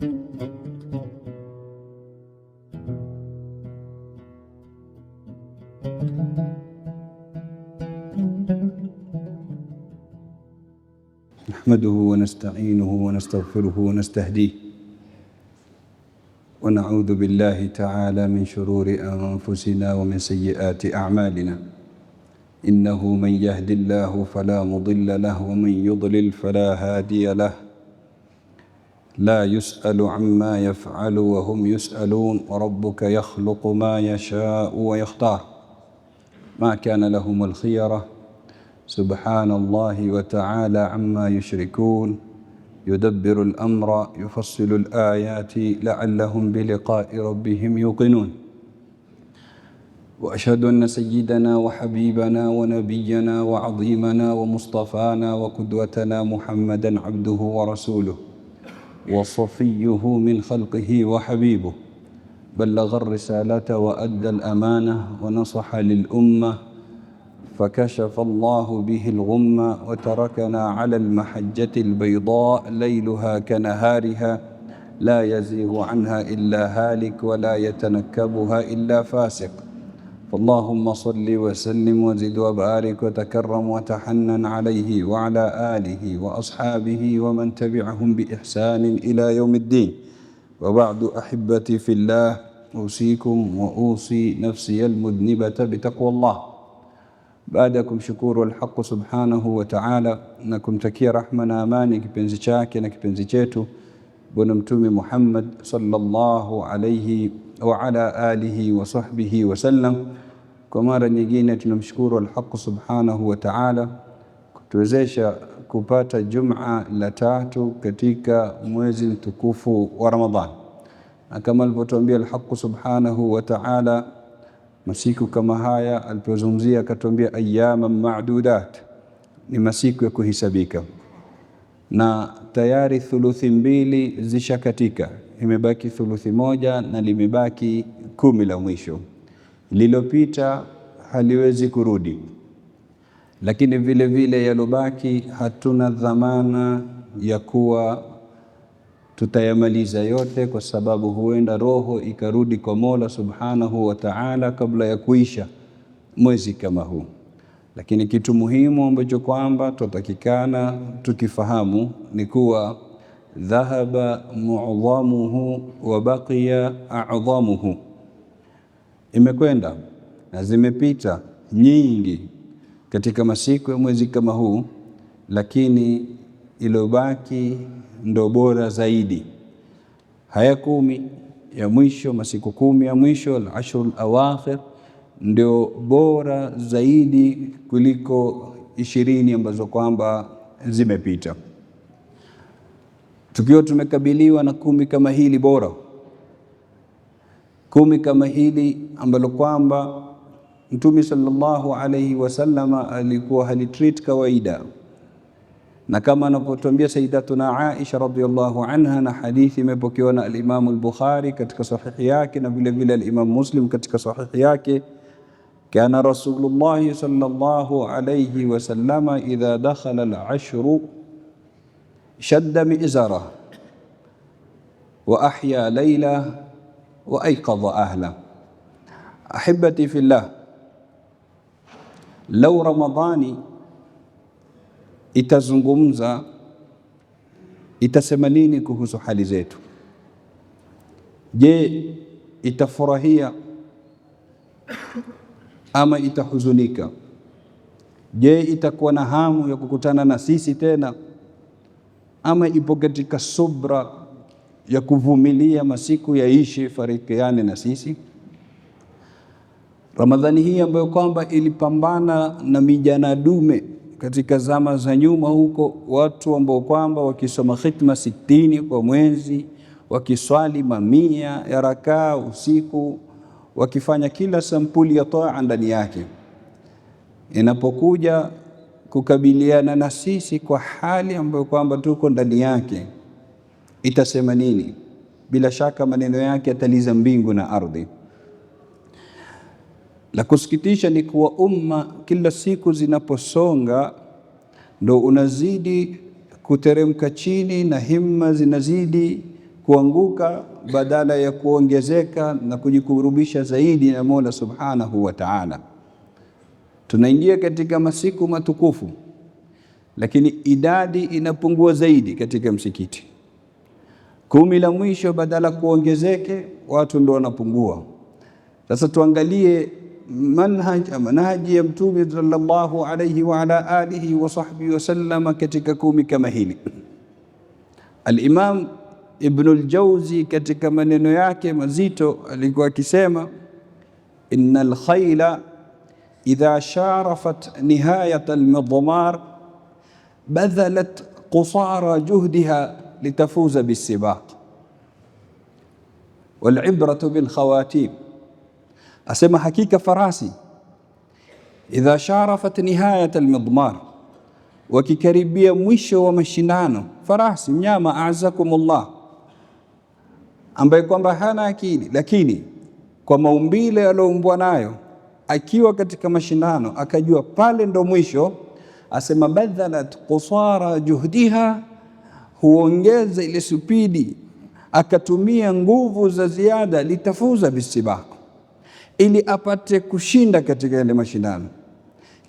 نحمده ونستعينه ونستغفره ونستهديه ونعوذ بالله تعالى من شرور أنفسنا ومن سيئات أعمالنا إنه من يهد الله فلا مضل له ومن يضلل فلا هادي له لا يسأل عما يفعل وهم يسألون وربك يخلق ما يشاء ويختار ما كان لهم الخيرة سبحان الله وتعالى عما يشركون يدبر الأمر يفصل الآيات لعلهم بلقاء ربهم يوقنون وأشهد أن سيدنا وحبيبنا ونبينا وعظيمنا ومصطفانا وقدوتنا محمدا عبده ورسوله وصفيه من خلقه وحبيبه بلغ الرسالة وأدى الأمانة ونصح للأمة فكشف الله به الغمة وتركنا على المحجة البيضاء ليلها كنهارها لا يزيغ عنها إلا هالك ولا يتنكبها إلا فاسق فاللهم صل وسلم وزد وبارك وتكرم وتحنن عليه وعلى آله وأصحابه ومن تبعهم بإحسان إلى يوم الدين وبعد أحبتي في الله أوصيكم وأوصي نفسي المذنبة بتقوى الله بعدكم شكور الحق سبحانه وتعالى انكم تكي رحمنا أماني كبنزي شاكي نكبنزي جيتو بنمتومي محمد صلى الله عليه wa ala alihi wa sahbihi sallam. Kwa mara nyingine tunamshukuru Alhaq subhanahu wa taala kutuwezesha kupata juma la tatu katika mwezi mtukufu wa Ramadhan, na kama alivyotuambia Alhaq subhanahu wa taala masiku kama haya alipozungumzia, akatuambia ayama ma'dudat, ni masiku ya kuhisabika, na tayari thuluthi mbili zishakatika imebaki thuluthi moja na limebaki kumi la mwisho. Lilopita haliwezi kurudi, lakini vile vile yalobaki hatuna dhamana ya kuwa tutayamaliza yote, kwa sababu huenda roho ikarudi kwa Mola Subhanahu wa Ta'ala kabla ya kuisha mwezi kama huu. Lakini kitu muhimu ambacho kwamba tutakikana tukifahamu ni kuwa dhahaba mu'dhamuhu wa baqiya a'dhamuhu, imekwenda na zimepita nyingi katika masiku ya mwezi kama huu, lakini iliyobaki ndo bora zaidi. Haya kumi ya mwisho, masiku kumi ya mwisho, al al awakhir ndio bora zaidi kuliko ishirini ambazo kwamba zimepita tukiwa tumekabiliwa na kumi kama hili bora, kumi kama hili ambalo kwamba Mtume sallallahu alayhi wasallama alikuwa halitreat kawaida, na kama anapotuambia Sayyidatuna Aisha radhiyallahu anha, na hadithi imepokewa na al-Imam al-Bukhari katika sahihi yake na vile vile al-Imam Muslim katika sahihi yake kana Rasulullah sallallahu alayhi wasallama idha dakhala al-ashru shadda mizara wa ahya laila wa aiqadha ahla. Ahibati fillah, lau Ramadhani itazungumza itasema nini kuhusu hali zetu? Je, itafurahia ama itahuzunika? Je, itakuwa na hamu ya kukutana na sisi tena ama ipo katika subra ya kuvumilia masiku yaishi farikiane na sisi. Ramadhani hii ambayo kwamba ilipambana na mijana dume katika zama za nyuma huko, watu ambao kwamba wakisoma khitma sitini kwa mwezi, wakiswali mamia ya rakaa usiku, wakifanya kila sampuli ya toa ndani yake inapokuja kukabiliana na sisi kwa hali ambayo kwamba tuko ndani yake itasema nini? Bila shaka maneno yake yataliza mbingu na ardhi. La kusikitisha ni kuwa umma kila siku zinaposonga, ndo unazidi kuteremka chini na himma zinazidi kuanguka badala ya kuongezeka na kujikurubisha zaidi na Mola Subhanahu wa Ta'ala. Tunaingia katika masiku matukufu, lakini idadi inapungua zaidi katika msikiti. Kumi la mwisho badala kuongezeke, watu ndio wanapungua. Sasa tuangalie manhaj manhaji ya Mtume sallallahu alayhi wa ala alihi wa sahbihi wasallama katika kumi kama hili. Al-Imam Ibnul katika maneno yake mazito alikuwa akisema innal khayla إذا شارفت نهاية المضمار بذلت قصارى جهدها لتفوز بالسباق والعبرة بالخواتيم أسمى حقيقة فراسي إذا شارفت نهاية المضمار وكي وككريبية مش ومشنان فراسي نعم أعزكم الله أم بيكم بحانا أكيد لكني كما أمبيل ألوم بونايو akiwa katika mashindano akajua pale ndo mwisho, asema badhalat kusara juhdiha, huongeza ile supidi akatumia nguvu za ziada, litafuza bisibako, ili apate kushinda katika yale mashindano.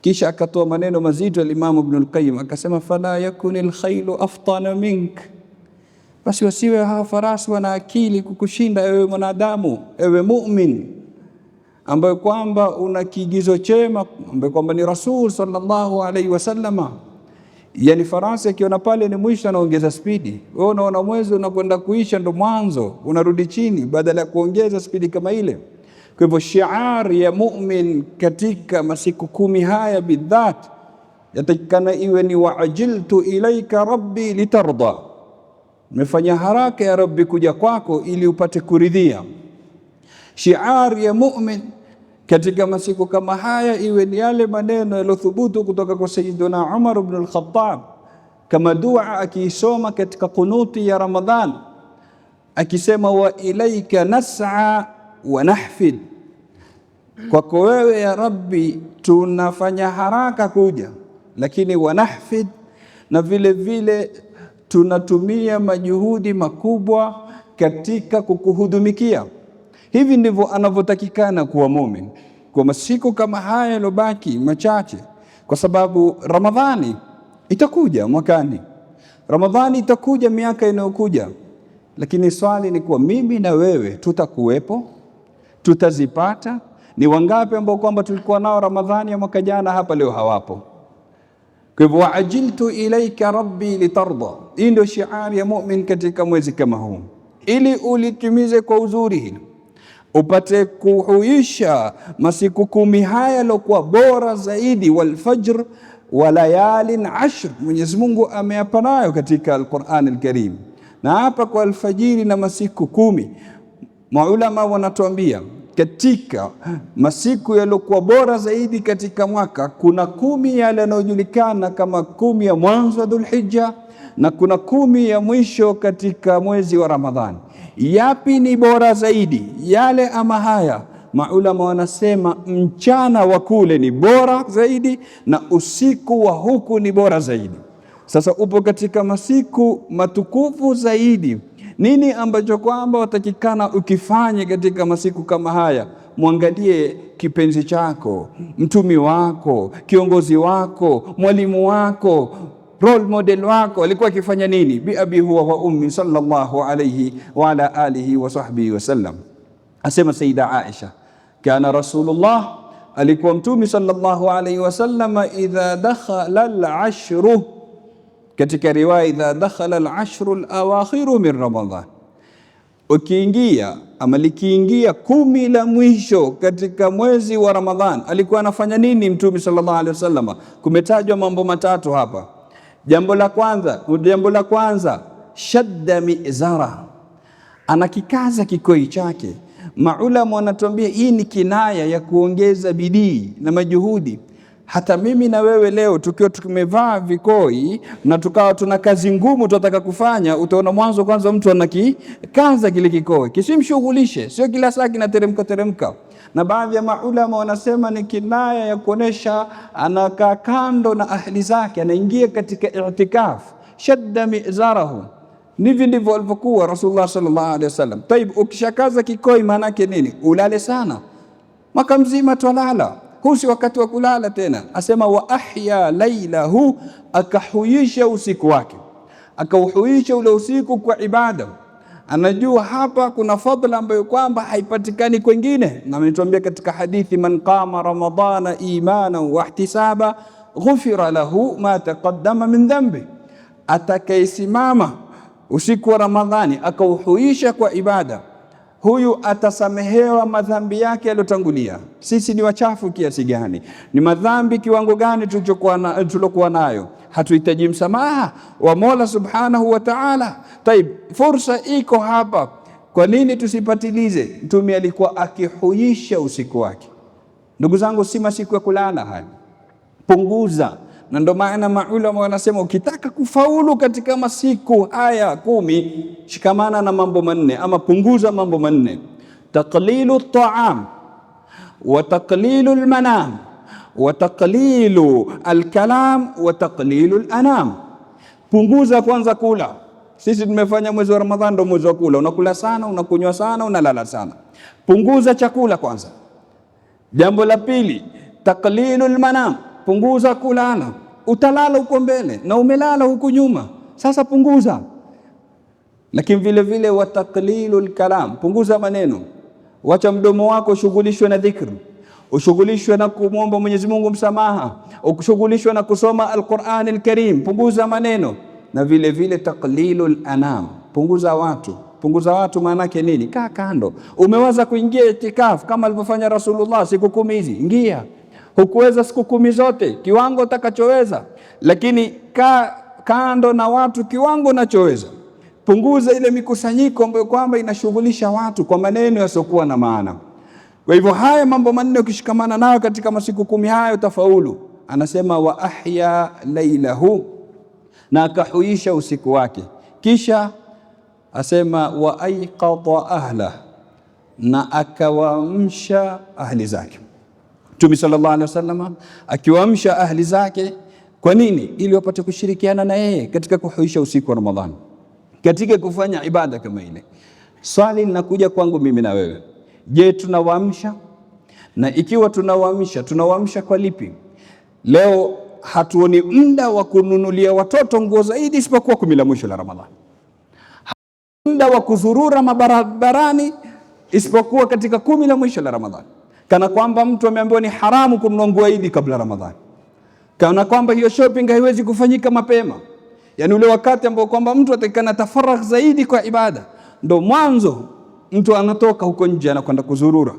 Kisha akatoa maneno mazito alimamu Ibnul Qayyim akasema, fala yakuni lkhailu aftana mink, basi wasiwe hawa farasi wana akili kukushinda ewe mwanadamu, ewe mumin ambayo kwamba una kiigizo chema ambaye kwamba ni Rasul sallallahu alaihi wasallama. Yani farasi akiona pale ni mwisho anaongeza spidi, wewe unaona mwezi unakwenda kuisha ndo mwanzo, unarudi chini badala ya kuongeza spidi kama ile. Kwa hivyo shiar ya mumin katika masiku kumi haya bidhat yatakikana iwe ni waajiltu ilaika rabbi litarda, nimefanya haraka ya Rabbi kuja kwako ili upate kuridhia. Shiar ya mumin katika masiku kama haya, iwe ni yale maneno yalothubutu kutoka kwa Sayyiduna Umar ibn al-Khattab, kama dua akiisoma katika kunuti ya Ramadhan akisema, wa ilaika nas'a wa nahfid, kwako wewe ya Rabbi tunafanya haraka kuja, lakini wa nahfid, na vile vile tunatumia majuhudi makubwa katika kukuhudumikia Hivi ndivyo anavyotakikana kuwa mumin kwa masiku kama haya yalobaki machache, kwa sababu Ramadhani itakuja mwakani, Ramadhani itakuja miaka inayokuja. Lakini swali ni kuwa mimi na wewe tutakuwepo? Tutazipata? Ni wangapi ambao kwamba tulikuwa nao Ramadhani ya mwaka jana hapa leo hawapo? Kwa hivyo, waajiltu ilaika rabbi litarda, hii ndio shiari ya mumin katika mwezi kama huu, ili ulitimize kwa uzuri hili upate kuhuisha masiku kumi haya yaliokuwa bora zaidi, walfajr wa layalin ashr. Mwenyezi Mungu ameapa nayo katika Alquran Alkarim, na hapa kwa alfajiri na masiku kumi, maulama wanatuambia katika masiku yaliokuwa bora zaidi katika mwaka kuna kumi yale yanayojulikana kama kumi ya mwanzo wa Dhulhijja na kuna kumi ya mwisho katika mwezi wa Ramadhani. Yapi ni bora zaidi, yale ama haya? Maulama wanasema mchana wa kule ni bora zaidi na usiku wa huku ni bora zaidi. Sasa upo katika masiku matukufu zaidi. Nini ambacho kwamba watakikana ukifanye katika masiku kama haya? Mwangalie kipenzi chako, mtumi wako, kiongozi wako, mwalimu wako role model wako alikuwa akifanya nini? bi abi huwa wa ummi sallallahu alayhi wa ala alihi wa sahbihi sallam. Asema Saida Aisha, kana rasulullah, alikuwa mtumi sallallahu alayhi sallam, idha dakhala al-ashru, katika riwaya idha dakhala al-ashru al-awakhiru min Ramadhan, ukiingia ama likiingia kumi la mwisho katika mwezi wa Ramadhan, alikuwa anafanya nini mtumi sallallahu alayhi wasallam? Kumetajwa mambo matatu hapa Jambo la kwanza, jambo la kwanza shadda mizara, anakikaza kikoi chake. maulama wanatuambia hii ni kinaya ya kuongeza bidii na majuhudi hata mimi na wewe leo tukiwa tumevaa vikoi na tukawa tuna kazi ngumu tunataka kufanya, utaona mwanzo kwanza mtu anakikaza kile kikoi kisimshughulishe, sio kila saa kinateremka teremka. Na baadhi ya maulama wanasema ni kinaya ya kuonesha anakaa kando na ahli zake, anaingia katika itikaf shadda mizarahu. Nivi ndivyo alivyokuwa Rasulullah sallallahu alaihi wasallam. Taib, ukishakaza kikoi maana yake nini? Ulale sana, mwaka mzima twalala huu si wakati wa kulala tena. Asema wa ahya lailahu, akahuisha usiku wake, akauhuisha ule usiku kwa ibada. Anajua hapa kuna fadhila ambayo kwamba haipatikani kwengine, na ametuambia katika hadithi, man qama ramadana imanan wa ihtisaba ghufira lahu ma taqaddama min dhanbi, atakayesimama usiku wa Ramadhani akauhuisha kwa ibada huyu atasamehewa madhambi yake yaliyotangulia. Sisi ni wachafu kiasi gani? Ni madhambi kiwango gani tulichokuwa nayo? Hatuhitaji msamaha wa Mola subhanahu wa taala. Taib, fursa iko hapa, kwa nini tusipatilize? Mtume alikuwa akihuisha usiku wake. Ndugu zangu, si masiku ya kulala haya, punguza na ndo maana maulama wanasema ukitaka kufaulu katika masiku haya kumi, shikamana na mambo manne ama punguza mambo manne: taqlilu taam wa taqlilu almanam wa taqlilu alkalam wa taqlilu alanam. Punguza kwanza kula. Sisi tumefanya mwezi wa Ramadhani ndo mwezi wa kula, unakula sana, unakunywa sana, unalala sana. Punguza chakula kwanza. Jambo la pili, taqlilu almanam punguza kulala. Utalala huko mbele na umelala huko nyuma, sasa punguza. Lakini vile vile wa taqlilul kalam, punguza maneno, wacha mdomo wako ushughulishwe na dhikri, ushughulishwe na kumwomba Mwenyezi Mungu msamaha, ushughulishwe na kusoma Alqurani Alkarim. Punguza maneno na vile vile taqlilul anam, punguza watu punguza watu maana yake nini? Kaa kando. Umewaza kuingia itikafu kama alivyofanya Rasulullah siku kumi hizi, ingia hukuweza siku kumi zote, kiwango utakachoweza, lakini ka, kando na watu, kiwango unachoweza punguza ile mikusanyiko ambayo kwamba inashughulisha watu kwa maneno yasiokuwa na maana. Kwa hivyo haya mambo manne ukishikamana nayo katika masiku kumi hayo utafaulu. Anasema wa ahya lailahu, na akahuisha usiku wake, kisha asema wa aiqadha ahla, na akawaamsha ahli zake. Mtume sallallahu alaihi wasallam akiwaamsha ahli zake. Kwa nini? Ili wapate kushirikiana na yeye katika kuhuisha usiku wa Ramadhani, katika kufanya ibada kama ile. Swali linakuja kwangu mimi na wewe, je, tunawaamsha? Na ikiwa tunawaamsha, tunawaamsha kwa lipi? Leo hatuoni muda wa kununulia watoto nguo zaidi isipokuwa kumi la mwisho la Ramadhani, muda wa kuzurura mabarabarani isipokuwa katika kumi la mwisho la Ramadhani kana kwamba mtu ameambiwa ni haramu kununua nguo Idi kabla Ramadhani, kana kwamba hiyo shopping haiwezi kufanyika mapema, yaani ule wakati ambao kwamba mtu atakana tafaragh zaidi kwa ibada, ndo mwanzo mtu anatoka huko nje anakwenda kuzurura.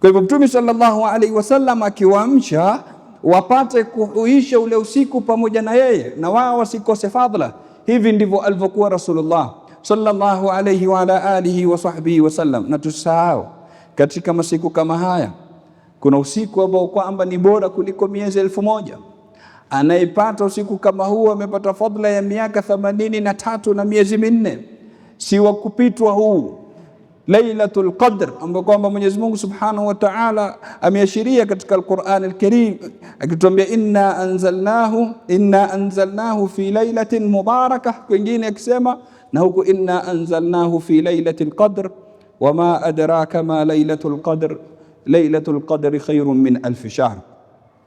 Kwa hivyo Mtume sallallahu alaihi wasallam akiwaamsha wapate kuisha ule usiku pamoja na yeye na wao wasikose fadhila. Hivi ndivyo alivyokuwa Rasulullah sallallahu alaihi wa ala alihi wa sahbihi wasallam, na tusahau katika masiku kama haya. Kuna usiku ambao kwamba ni bora kuliko miezi elfu moja. Anayepata usiku kama huu amepata fadhila ya miaka themanini na tatu na miezi minne, si wa kupitwa huu Lailatul Qadr ambayo kwamba Mwenyezi Mungu Subhanahu wa Ta'ala ameashiria katika Al-Qur'an Al-Karim akituambia, inna anzalnahu inna anzalnahu fi lailatin mubarakah, kwingine akisema na huku inna anzalnahu fi lailatil qadr wama adraka ma lailatul qadr lailatul qadri khairun min alfi shahr.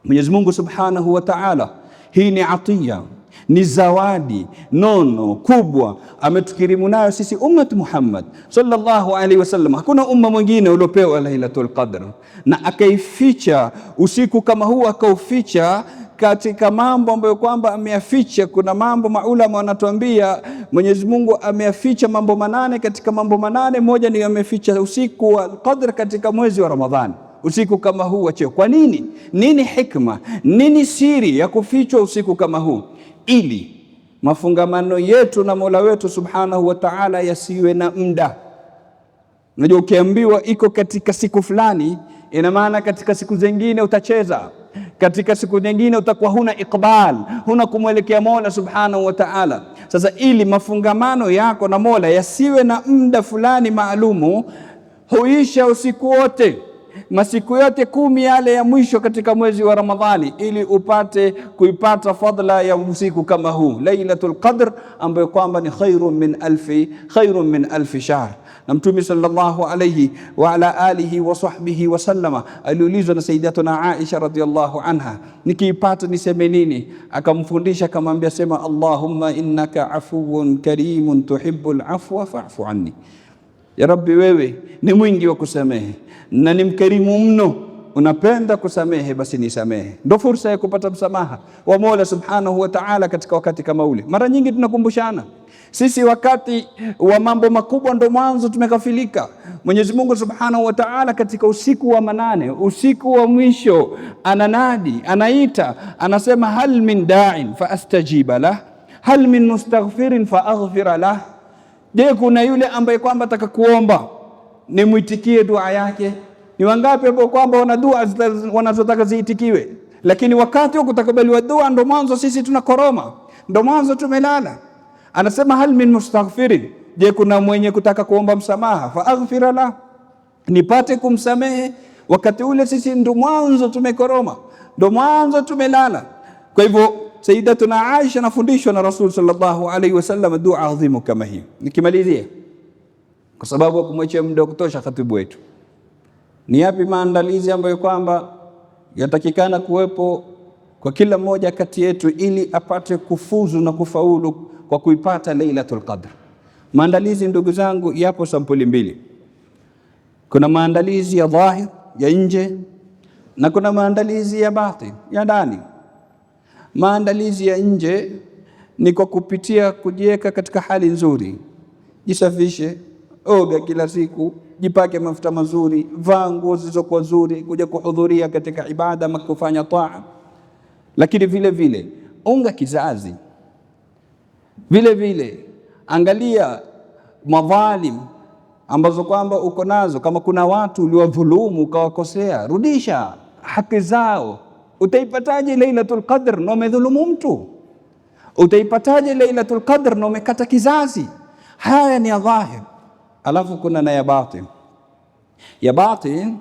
Mwenyezi Mungu subhanahu wa taala, hii ni atiya ni zawadi nono kubwa ametukirimu nayo sisi ummat Muhammad sallallahu alaihi wasallam. Hakuna umma mwingine uliopewa lailatul qadr na akaificha usiku kama huu akauficha katika mambo ambayo kwamba ameyaficha. Kuna mambo maulama wanatuambia Mwenyezi Mungu ameyaficha mambo manane. Katika mambo manane, moja ni ameficha usiku wa Qadr katika mwezi wa Ramadhani, usiku kama huu wa cheo. Kwa nini? Nini hikma? Nini siri ya kufichwa usiku kama huu? Ili mafungamano yetu na Mola wetu Subhanahu wa Ta'ala yasiwe na muda. Unajua, ukiambiwa iko katika siku fulani, ina maana katika siku zingine utacheza katika siku nyingine utakuwa huna ikbal, huna kumwelekea Mola subhanahu wa taala. Sasa ili mafungamano yako na Mola yasiwe na muda fulani maalumu, huisha usiku wote masiku yote kumi yale ya mwisho katika mwezi wa Ramadhani ili upate kuipata fadhila ya usiku kama huu Lailatul Qadr, ambayo kwamba ni khairun min alfi, khairun min alfi shahr na Mtume sallallahu alayhi wa ala alihi wa sahbihi wasallama aliulizwa na Sayyidatuna Aisha radhiyallahu anha, nikiipata niseme nini? Akamfundisha akamwambia, sema Allahumma innaka afuwun karimun tuhibbul afwa fa'fu anni, ya Rabbi, wewe ni mwingi wa kusamehe na ni mkarimu mno unapenda kusamehe, basi nisamehe. Ndo fursa ya kupata msamaha wa Mola Subhanahu wa Ta'ala katika wakati kama ule. Mara nyingi tunakumbushana sisi wakati wa mambo makubwa ndo mwanzo tumekafilika. Mwenyezi Mungu Subhanahu wa Ta'ala katika usiku wa manane, usiku wa mwisho, ananadi, anaita, anasema hal min da'in fa astajiba lah, hal min mustaghfirin fa aghfira lah. Je, kuna yule ambaye kwamba atakakuomba nimwitikie dua yake ni wangapi ambao kwamba wana dua wanazotaka ziitikiwe, lakini wakati wa kutakabaliwa dua ndo mwanzo sisi tuna koroma, ndo mwanzo tumelala. Anasema hal min mustaghfirin, je, kuna mwenye kutaka kuomba msamaha? Faaghfira lah, nipate kumsamehe. Wakati ule sisi ndo mwanzo tumekoroma, ndo mwanzo tumelala. Kwa hivyo Sayyidatuna Aisha anafundishwa na Rasul sallallahu alaihi wasallam dua adhimu kama hii. Nikimalizia, kwa sababu kumwachia muda wa kutosha khatibu wetu ni yapi maandalizi ambayo kwamba yatakikana kuwepo kwa kila mmoja kati yetu ili apate kufuzu na kufaulu kwa kuipata Lailatul Qadr? Maandalizi ndugu zangu, yapo sampuli mbili. Kuna maandalizi ya dhahir ya nje na kuna maandalizi ya batin ya ndani. Maandalizi ya nje ni kwa kupitia kujiweka katika hali nzuri, jisafishe, oga kila siku jipake mafuta mazuri, vaa nguo zilizokuwa nzuri, kuja kuhudhuria katika ibada ama kufanya taa. Lakini vile vile unga kizazi, vile vile angalia madhalim ambazo kwamba uko nazo. Kama kuna watu uliwadhulumu ukawakosea, rudisha haki zao. Utaipataje Lailatul Qadr na umedhulumu mtu? Utaipataje Lailatul Qadr na umekata kizazi? Haya ni ya dhahir alafu kuna na ya batin. Ya batin,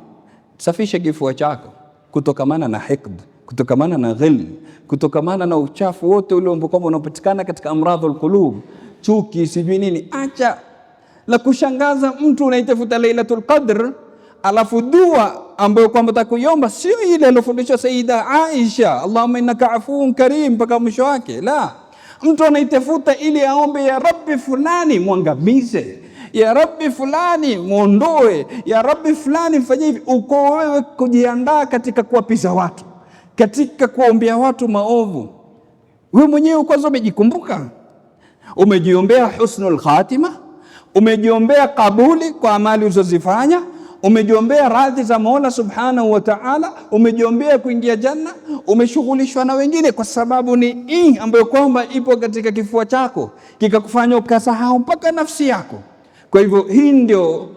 safisha kifua chako kutokamana na hikd, kutokamana na ghil, kutokamana na uchafu wote ule ambao unapatikana katika amradhu alqulub, chuki, sijui nini. Acha la kushangaza, mtu unaitafuta Lailatul Qadr alafu dua ambayo kwamba takuiomba sio ile alofundishwa Sayyida Aisha, Allahumma innaka afuun karim, mpaka mwisho wake. La, mtu anaitafuta ili aombe ya Rabbi fulani mwangamize ya rabbi fulani mwondoe, ya rabbi fulani mfanye hivi. Uko wewe kujiandaa katika kuwapiza watu, katika kuwaombea watu maovu, wewe mwenyewe kwanza umejikumbuka, umejiombea husnul khatima, umejiombea kabuli kwa amali ulizozifanya umejiombea radhi za Mola Subhanahu wa Ta'ala, umejiombea kuingia janna, umeshughulishwa na wengine, kwa sababu ni hii ambayo kwamba ipo katika kifua chako, kikakufanya ukasahau mpaka nafsi yako. Kwa hivyo hii ndio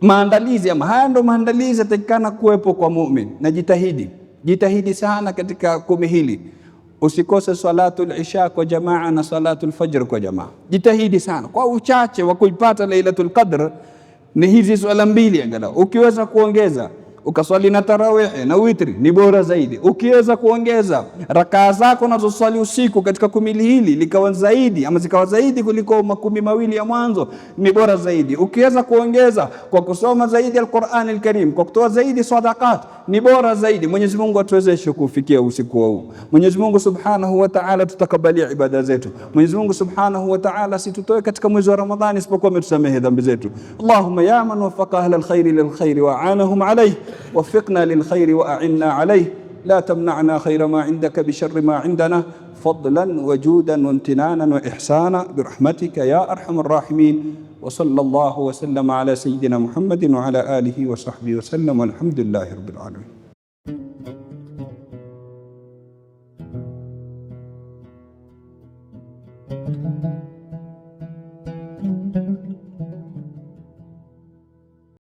maandalizi ama haya ndio maandalizi yatakikana kuwepo kwa muumini. Na jitahidi jitahidi sana katika kumi hili, usikose salatul isha kwa jamaa na salatul fajr kwa jamaa. Jitahidi sana kwa uchache wa kuipata lailatul qadr, ni hizi swala mbili angalau ukiweza kuongeza ukaswali na tarawihi na witri ni bora zaidi. Ukiweza kuongeza rakaa zako unazoswali usiku katika kumi hili likawa zaidi ama zikawa zaidi kuliko makumi mawili ya mwanzo ni bora zaidi. Ukiweza kuongeza kwa kusoma zaidi Alquran Alkarim, kwa kutoa zaidi sadaqat ni bora zaidi. Mwenyezi Mungu atuwezeshe kufikia usiku huu. Mwenyezi Mungu Subhanahu wa Ta'ala, tutakabalia ibada zetu. Mwenyezi Mungu Subhanahu wa Ta'ala, situtoe katika mwezi wa Ramadhani isipokuwa ametusamehe dhambi zetu. Allahumma ya man wafaqa ahla al-khairi wa aanahum alayhi وفقنا للخير وأعنا عليه لا تمنعنا خير ما عندك بشر ما عندنا فضلا وجودا وامتنانا وإحسانا برحمتك يا أرحم الراحمين وصلى الله وسلم على سيدنا محمد وعلى آله وصحبه وسلم والحمد لله رب العالمين